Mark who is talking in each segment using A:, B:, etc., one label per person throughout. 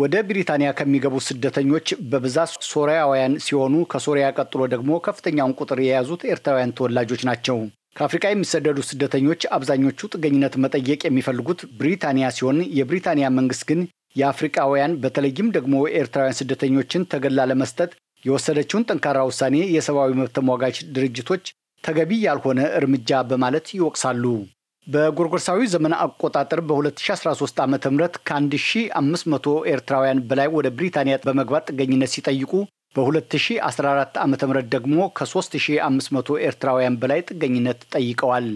A: ወደ ብሪታንያ ከሚገቡ ስደተኞች በብዛት ሶሪያውያን ሲሆኑ ከሶሪያ ቀጥሎ ደግሞ ከፍተኛውን ቁጥር የያዙት ኤርትራውያን ተወላጆች ናቸው። ከአፍሪካ የሚሰደዱ ስደተኞች አብዛኞቹ ጥገኝነት መጠየቅ የሚፈልጉት ብሪታንያ ሲሆን የብሪታንያ መንግስት ግን የአፍሪካውያን በተለይም ደግሞ የኤርትራውያን ስደተኞችን ተገላ ለመስጠት የወሰደችውን ጠንካራ ውሳኔ የሰብአዊ መብት ተሟጋች ድርጅቶች ተገቢ ያልሆነ እርምጃ በማለት ይወቅሳሉ። በጎርጎርሳዊ ዘመን አቆጣጠር በ2013 ዓ ም ከ1500 ኤርትራውያን በላይ ወደ ብሪታንያ በመግባት ጥገኝነት ሲጠይቁ በ2014 ዓ ም ደግሞ ከ3500 ኤርትራውያን በላይ ጥገኝነት ጠይቀዋል።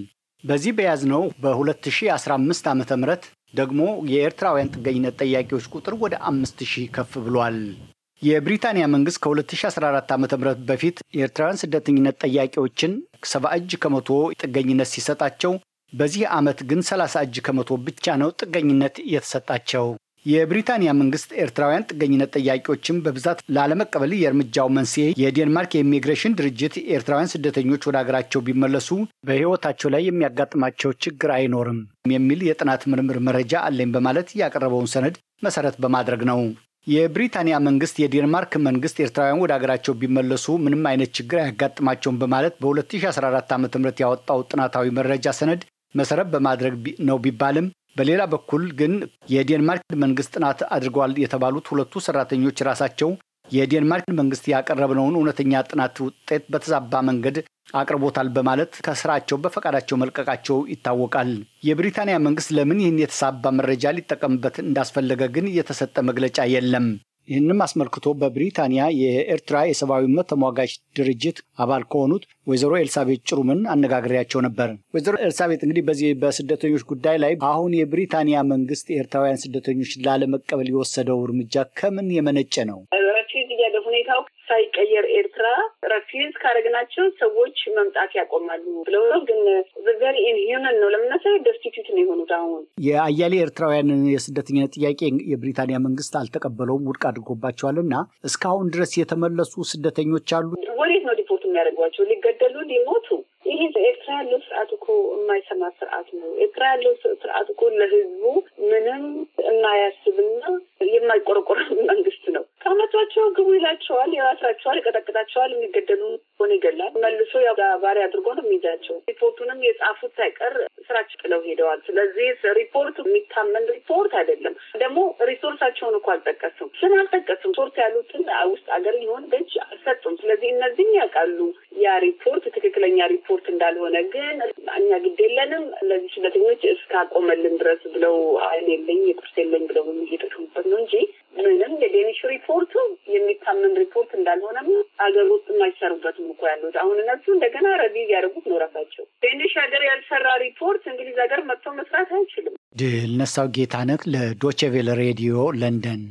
A: በዚህ በያዝነው በ2015 ዓ ም ደግሞ የኤርትራውያን ጥገኝነት ጠያቂዎች ቁጥር ወደ 5000 ከፍ ብሏል። የብሪታንያ መንግስት ከ2014 ዓ ም በፊት የኤርትራውያን ስደተኝነት ጠያቂዎችን ሰባ እጅ ከመቶ ጥገኝነት ሲሰጣቸው በዚህ ዓመት ግን 30 እጅ ከመቶ ብቻ ነው ጥገኝነት የተሰጣቸው። የብሪታንያ መንግስት ኤርትራውያን ጥገኝነት ጠያቂዎችን በብዛት ላለመቀበል የእርምጃው መንስኤ የዴንማርክ የኢሚግሬሽን ድርጅት ኤርትራውያን ስደተኞች ወደ አገራቸው ቢመለሱ በሕይወታቸው ላይ የሚያጋጥማቸው ችግር አይኖርም የሚል የጥናት ምርምር መረጃ አለኝ በማለት ያቀረበውን ሰነድ መሰረት በማድረግ ነው። የብሪታንያ መንግስት የዴንማርክ መንግስት ኤርትራውያን ወደ አገራቸው ቢመለሱ ምንም አይነት ችግር አያጋጥማቸውም በማለት በ2014 ዓ ም ያወጣው ጥናታዊ መረጃ ሰነድ መሰረት በማድረግ ነው ቢባልም በሌላ በኩል ግን የዴንማርክ መንግስት ጥናት አድርገዋል የተባሉት ሁለቱ ሰራተኞች ራሳቸው የዴንማርክ መንግስት ያቀረብነውን እውነተኛ ጥናት ውጤት በተዛባ መንገድ አቅርቦታል በማለት ከስራቸው በፈቃዳቸው መልቀቃቸው ይታወቃል። የብሪታንያ መንግስት ለምን ይህን የተሳባ መረጃ ሊጠቀምበት እንዳስፈለገ ግን የተሰጠ መግለጫ የለም። ይህንም አስመልክቶ በብሪታንያ የኤርትራ የሰብአዊ መብት ተሟጋች ድርጅት አባል ከሆኑት ወይዘሮ ኤልሳቤት ጭሩምን አነጋግሬያቸው ነበር። ወይዘሮ ኤልሳቤት እንግዲህ በዚህ በስደተኞች ጉዳይ ላይ አሁን የብሪታንያ መንግስት ኤርትራውያን ስደተኞች ላለመቀበል የወሰደው እርምጃ ከምን የመነጨ ነው?
B: ጊዜ ያለ ሁኔታው ሳይቀየር ኤርትራ ረፊዝ ካደረግናቸው ሰዎች መምጣት ያቆማሉ ብለው ነው። ግን ዘሪ ኢንሂውመን ነው ለምነሳ ደስቲቱት ነው የሆኑት። አሁን
A: የአያሌ ኤርትራውያንን የስደተኛ ጥያቄ የብሪታንያ መንግስት አልተቀበለውም፣ ውድቅ አድርጎባቸዋል። እና እስካሁን ድረስ የተመለሱ ስደተኞች አሉ።
B: ወዴት ነው ዲፖርት የሚያደርጓቸው? ሊገደሉ ሊሞቱ ይህ ኤርትራ ያለው ስርዓት እኮ የማይሰማ ስርዓት ነው። ኤርትራ ያለው ስርዓት እኮ ለህ የራሳቸዋል ይቀጠቅጣቸዋል። የሚገደሉ ሆን ይገላል። መልሶ ባሪ አድርጎ ነው የሚይዛቸው። ሪፖርቱንም የጻፉት ሳይቀር ስራቸው ጥለው ሄደዋል። ስለዚህ ሪፖርት የሚታመን ሪፖርት አይደለም። ደግሞ ሪሶርሳቸውን እኮ አልጠቀስም፣ ስም አልጠቀስም። ሶርት ያሉትን ውስጥ አገር ሊሆን በእጅ አልሰጡም። ስለዚህ እነዚህም ያውቃሉ ያ ሪፖርት ትክክለኛ ሪፖርት እንዳልሆነ ግን እኛ ግድ የለንም እነዚህ ስደተኞች እስካቆመልን ድረስ ብለው አይን የለኝ የቁርስ የለኝ ብለው የሚሄጠቅሙበት ነው እንጂ ሲሰሩ ሀገር ውስጥ የማይሰሩበትም እኮ ያሉት አሁን እነሱ እንደገና ረቪዝ ያደርጉት ነው ራሳቸው። ዴኒሽ ሀገር ያልሰራ ሪፖርት እንግሊዝ ሀገር መጥቶ መስራት አይችልም።
A: ድል ነሳው ጌታነህ ለዶቼ ቬለ ሬዲዮ ለንደን